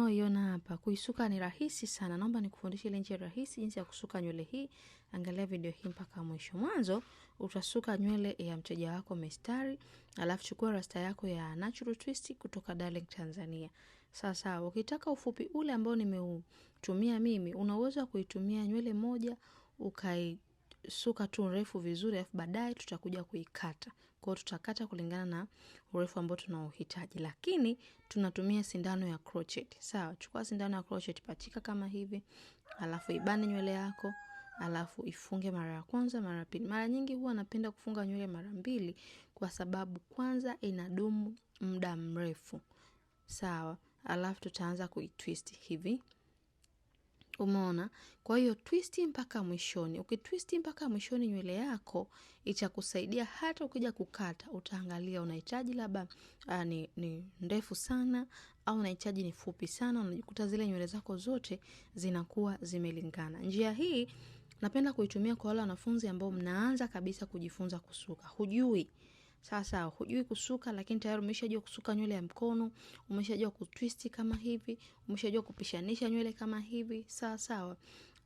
unaoiona hapa, kuisuka ni rahisi sana. Naomba nikufundishe ile njia rahisi jinsi ya kusuka nywele hii. Angalia video hii mpaka mwisho. Mwanzo utasuka nywele ya mteja wako mistari, alafu chukua rasta yako ya Natural Twist kutoka Darling Tanzania. Sasa ukitaka ufupi ule ambao nimeutumia mimi, una uwezo wa kuitumia nywele moja ukai suka tu urefu vizuri, alafu baadaye tutakuja kuikata. Kwa hiyo tutakata kulingana na urefu ambao tunaohitaji, lakini tunatumia sindano ya crochet. Sawa, chukua sindano ya crochet, patika kama hivi, alafu ibane nywele yako alafu ifunge mara ya kwanza, mara ya pili. Mara nyingi huwa napenda kufunga nywele mara mbili, kwa sababu kwanza inadumu muda mrefu. Sawa, alafu tutaanza kuitwist hivi Umeona? Kwa hiyo twisti mpaka mwishoni. Ukitwisti mpaka mwishoni nywele yako itakusaidia hata ukija kukata, utaangalia unahitaji labda ah, ni, ni ndefu sana au unahitaji ni fupi sana, unajikuta zile nywele zako zote zinakuwa zimelingana. Njia hii napenda kuitumia kwa wale wanafunzi ambao mnaanza kabisa kujifunza kusuka, hujui sasa hujui kusuka, lakini tayari umeshajua kusuka nywele ya mkono, umeshajua kutwist kama hivi, umeshajua kupishanisha nywele kama hivi, sawa sawa,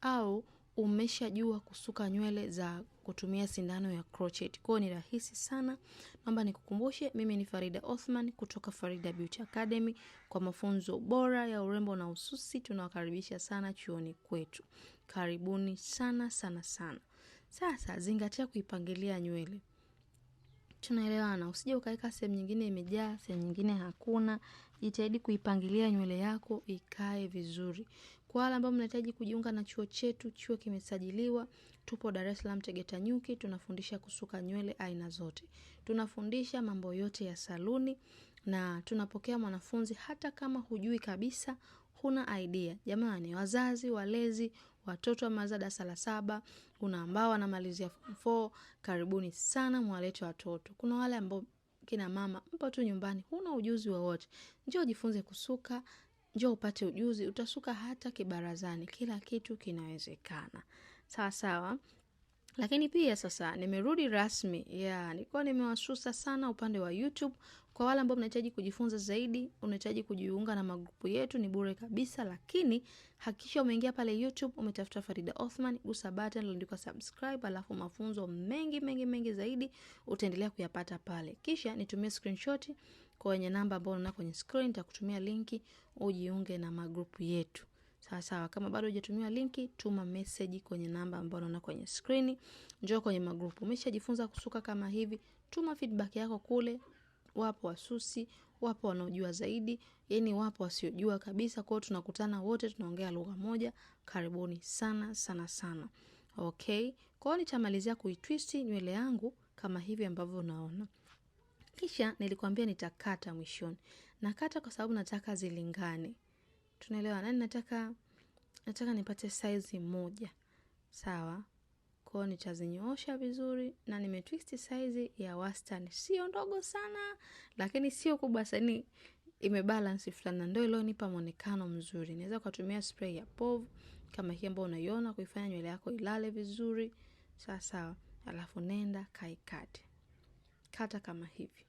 au umeshajua kusuka nywele za kutumia sindano ya crochet. Kwao ni rahisi sana. Naomba nikukumbushe, mimi ni Farida Othman kutoka Farida Beauty Academy. Kwa mafunzo bora ya urembo na ususi, tunawakaribisha sana chuoni kwetu. Karibuni sana sana sana. Sasa zingatia kuipangilia nywele tunaelewana. Usije ukaweka sehemu nyingine imejaa, sehemu nyingine hakuna. Jitahidi kuipangilia nywele yako ikae vizuri. Kwa wale ambao mnahitaji kujiunga na chuo chetu, chuo kimesajiliwa. Tupo Dar es Salaam Tegeta Nyuki, tunafundisha kusuka nywele aina zote, tunafundisha mambo yote ya saluni na tunapokea mwanafunzi hata kama hujui kabisa, huna idea. Jamani, wazazi, walezi, watoto wamaliza darasa la saba, kuna ambao wanamalizia form four, karibuni sana mwalete watoto. Kuna wale ambao kina mama mpo tu nyumbani, huna ujuzi wowote, njoo jifunze kusuka, njoo upate ujuzi, utasuka hata kibarazani, kila kitu kinawezekana. Sawa sawa. Lakini pia sasa nimerudi rasmi yeah, nilikuwa nimewasusa sana upande wa YouTube. Kwa wale ambao mnahitaji kujifunza zaidi, unahitaji kujiunga na magrupu yetu, ni bure kabisa, lakini hakikisha umeingia pale YouTube, umetafuta Farida Othman, gusa button liloandikwa subscribe, alafu mafunzo mengi mengi mengi zaidi utaendelea kuyapata pale. Kisha nitumie screenshot kwa wenye namba ambao unaona kwenye screen, nitakutumia linki ujiunge na magrupu yetu. Sawa sawa, kama bado hujatumia linki, tuma message kwenye namba ambayo unaona kwenye screen. Njoo kwenye magrupu. Umeshajifunza kusuka kama hivi, tuma feedback yako kule. Wapo wasusi, wapo wanaojua zaidi, yani wapo wasiojua kabisa. Kwao tunakutana wote, tunaongea lugha moja. Karibuni sana sana sana. Okay, kwao nitamalizia kuitwist nywele yangu kama hivi ambavyo unaona, kisha nilikwambia nitakata mwishoni. Nakata kwa sababu nataka zilingane tunaelewa nani nataka nataka nipate saizi moja sawa kwao nitazinyoosha vizuri na nimetwist saizi ya wastani sio ndogo sana lakini sio kubwa sani imebalansi fulani na ndio ilionipa mwonekano mzuri naweza kutumia spray ya povu kama hii ambayo unaiona kuifanya nywele yako ilale vizuri sawa sawa alafu nenda kaikate kata kama hivi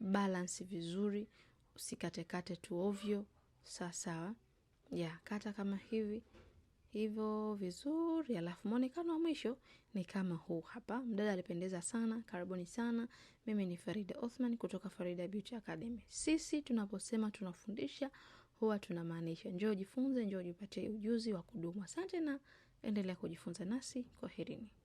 balansi vizuri usikatekate tu ovyo sawa sawa ya kata kama hivi hivyo vizuri, alafu mwonekano wa mwisho ni kama huu hapa. Mdada alipendeza sana, karibuni sana. Mimi ni Farida Othman kutoka Farida Beauty Academy. Sisi tunaposema tunafundisha huwa tunamaanisha, njoo jifunze, njoo jipatie ujuzi wa kudumu. Asante na endelea kujifunza nasi, kwaherini.